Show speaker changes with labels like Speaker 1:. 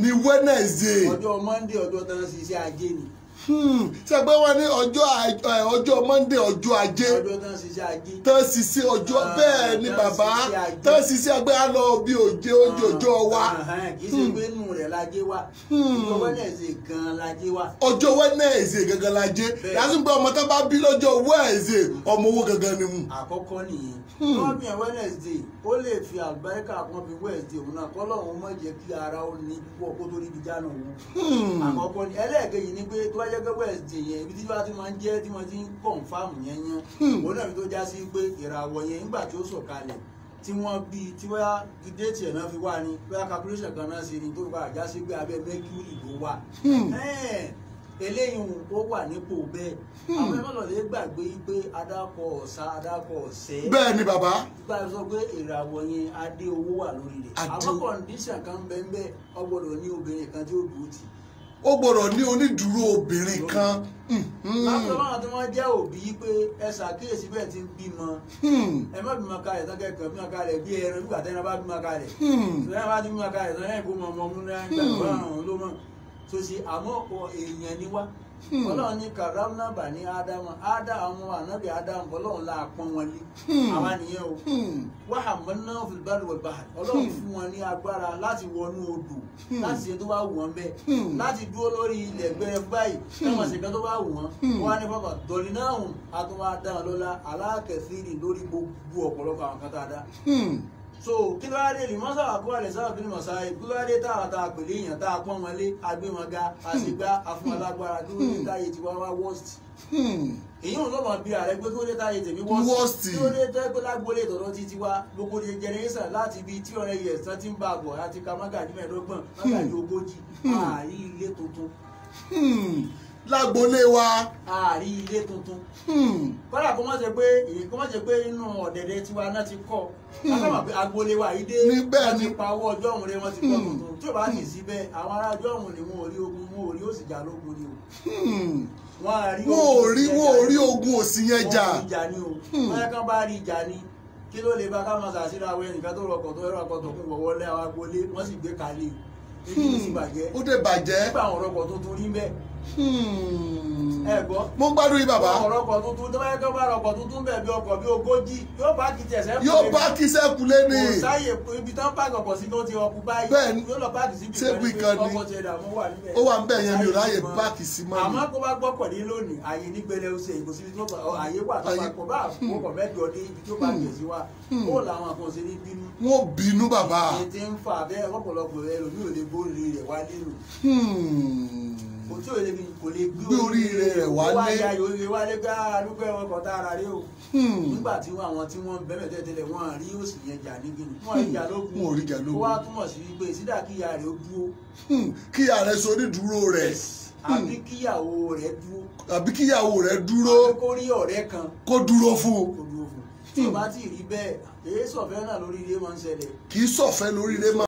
Speaker 1: ní Wednesday. ọjọ́ Monday ọjọ́ tán ṣiṣẹ́ ajé ni. ṣe pé wọ́n ní ọjọ́ Monday ọjọ́ ajé tán ọjọ́ ah, bẹ́ẹ̀ ni bàbá tán ṣiṣẹ́ ẹgbẹ́ á bí òjé ah, ah, kì í hmm. wa hmm. ọjọ́ Wednesday gan-an wa. ọjọ́ Wednesday gangan lajé yàtúntò ọmọ tó bá bí lọ́jọ́ ọmọ owó gangan ni mu. àkọ́kọ́ nìyẹn hmm. ó lè fi àgbáríkà kan fi òun náà kọ́ mọ̀ ara ó ní púpọ̀ kó tó rí ni pé Wednesday yẹn ibi tí bá ti máa ń jẹ́ tí wọ́n ti ń kọ̀ǹfàmù yẹn yẹn hmm. òun náà tó já sí pé ìràwọ̀ yẹn nígbà tí ó sọ̀kalẹ̀ tí wọ́n bí tí wọ́n déètì ẹ̀ náà fi wá ní bóyá calculation kan náà ṣe ni tó bá já sí pé abẹ́ mercury ló wà hmm. eléyìí ó wà nípò bẹ́ẹ̀ hmm. àwọn ẹmọlọlẹ gbàgbé pé adákọ ọsà adákọ ọsẹ. bẹ́ẹ̀ ni bàbá. gba sọ pé ìràwọ̀ yẹn adé owó wà lórí rẹ̀. àmọ́ kọndíṣàn kan bẹ́ẹ̀ ọgbọ́dọ̀ ní obìnrin kan tí ó dùn ó tì ó gbọ́dọ̀ ní onídùúró obìnrin kan. látọ̀ láwọn tí wọ́n jẹ́ òbí pé ẹ ṣàkíyèsí bẹ́ẹ̀ ti ń bímọ hmm. ẹ má bímọ kalẹ̀ tán kẹ́kẹ́ bímọ kalẹ̀ bí ẹran bí bàtẹ́ni bá bímọ kalẹ̀ hmm. tọ́lá bá bímọ kalẹ̀ tọ́lá yẹn kó mọ ọmọ ọmú náà gbàgbọ́ hmm. àwọn ló mọ̀ sosi àmọ́ ọ̀pọ̀ èèyàn ni wá hmm. ọlọ́run ní karamna bani ádámù ádámù àwọn ànábì ádámù ọlọ́run la pọ́n wọn lé hmm. àwa nìyẹn o hmm. wàhámọ́ náà fil barri wal bahri ọlọ́run fún wọn ní agbára láti wọnú odò láti ṣe tó bá wù wọ́n bẹ́ẹ̀ láti dúró lórí ilẹ̀ gbẹrẹ báyìí táwọn ṣe kan tó bá wù wọ́n wọ́n á ní fọ́fà dọ̀lì náà àtúwádá lọ́la aláàkẹ́sìrì lórí gbogbo ọ̀pọ̀lọpọ̀ àwọn kan tá a dá so kí ló wá dé lè mọ́sá àkúrà lè sábà bí mọ̀sá yìí kí ló wá dé táwa tá a pèlè èèyàn tá a pọ́n wọn lé agbémọ̀gá àṣegbá afúnalágbára kí ló dé hmm. táyé ti wá wá worst. Hmm. èyí ń lọ́mọ bí ààrẹ pé kí ló dé táyé tèmi worst kí ló dé tẹ́ pé lágbólé tọ̀dọ̀ ti tiwa gbogbo di generation láti bí tí ọ̀rẹ́ yẹ̀ sàn ti ń bá a bọ̀ àti ka mágàdí mẹ́ẹ̀ẹ́dọ́gbọ̀n ogójì ààrí hmm. ilé tuntun lágbolé wa. ààrí ilé tuntun. Hmm. kọ́lá kó má ṣe pé èyí kó má ṣe pé inú ọ̀dẹ̀dẹ̀ tiwa náà ti kọ́ kásámà hmm. pé agbolé wa yìí dé wọ́n ti pa owó ọjọ́ òun rẹ wọ́n ti kọ́ hmm. tuntun tí ò bá sì sí bẹ́ẹ̀ àwọn ará ọjọ́ òun ni wọn ò rí ogun wọn ò rí òsì jà lógun ni o. wọn ò rí wọn ò rí ogun òsì yẹn jà. wọn ò rí ìjà ni o wọn yẹ kán bá rí ìjà ni kí ló lè bá ká máa ṣàṣírò àwọn ẹnìkan tó rọkọ̀ tó rọkọ̀ tó kún wọ̀wọ́lẹ́ àwọn agbolé wọ́n sì gbé kalẹ̀ o. ó dé bàjẹ́. nígbà àwọn Hmm. ẹ̀gbọ́n. mo ń gbádùn yín bàbá. ọ̀rọ̀kọ̀ tuntun tó bá yẹ kó bá rọ̀kọ̀ tuntun bẹ̀ bí ọkọ̀ bí ogójì yóò bá kìí tẹ̀sẹ̀ kú yóò bá kìí sẹ́ kú kò sáyè ibi tán pàgọ́ ọkọ̀ sí ló ti ọkù báyìí. bẹ́ẹ̀ ni ṣébù ìkan ni ó wà ń bẹ̀ yẹn mi ò láyè báàkì sí mọ́ ni. àmọ́ kó bá gbọ́kọ̀ ní lónìí hmm. hmm. wọ́n bínú bàbá. ètè ń fa bẹ́ẹ̀ ọ̀pọ̀lọpọ̀ ẹlòmíì lè bó rèé rẹ̀ wá nílùú kò tí ò lè fi kò lè gbé orí rẹ̀ wálé wá ya orí rẹ̀ wálé gbá arúgbó ẹ̀wọ̀n kan tá ara rẹ̀ o hmm. nígbà tí àwọn tí wọ́n bẹ̀rẹ̀ tẹ́tẹ́lẹ̀ wọ́n rí òsì yẹn jà níbi ni wọ́n hmm. ìjà lógun wọ́n rí ìjà lógun wọ́n á túmọ̀ sí wípé sídà kíyà rẹ̀ ó dúró. Hmm. kíyà rẹ̀ so onídùúró rẹ̀ àbí kíyàwó rẹ̀ dúró àbí kíyàwó rẹ̀ dúró kó rí ọ̀rẹ́ kan kó dúró fún kó dúró fún tí ò bá ti rí bẹ́ẹ̀ èyí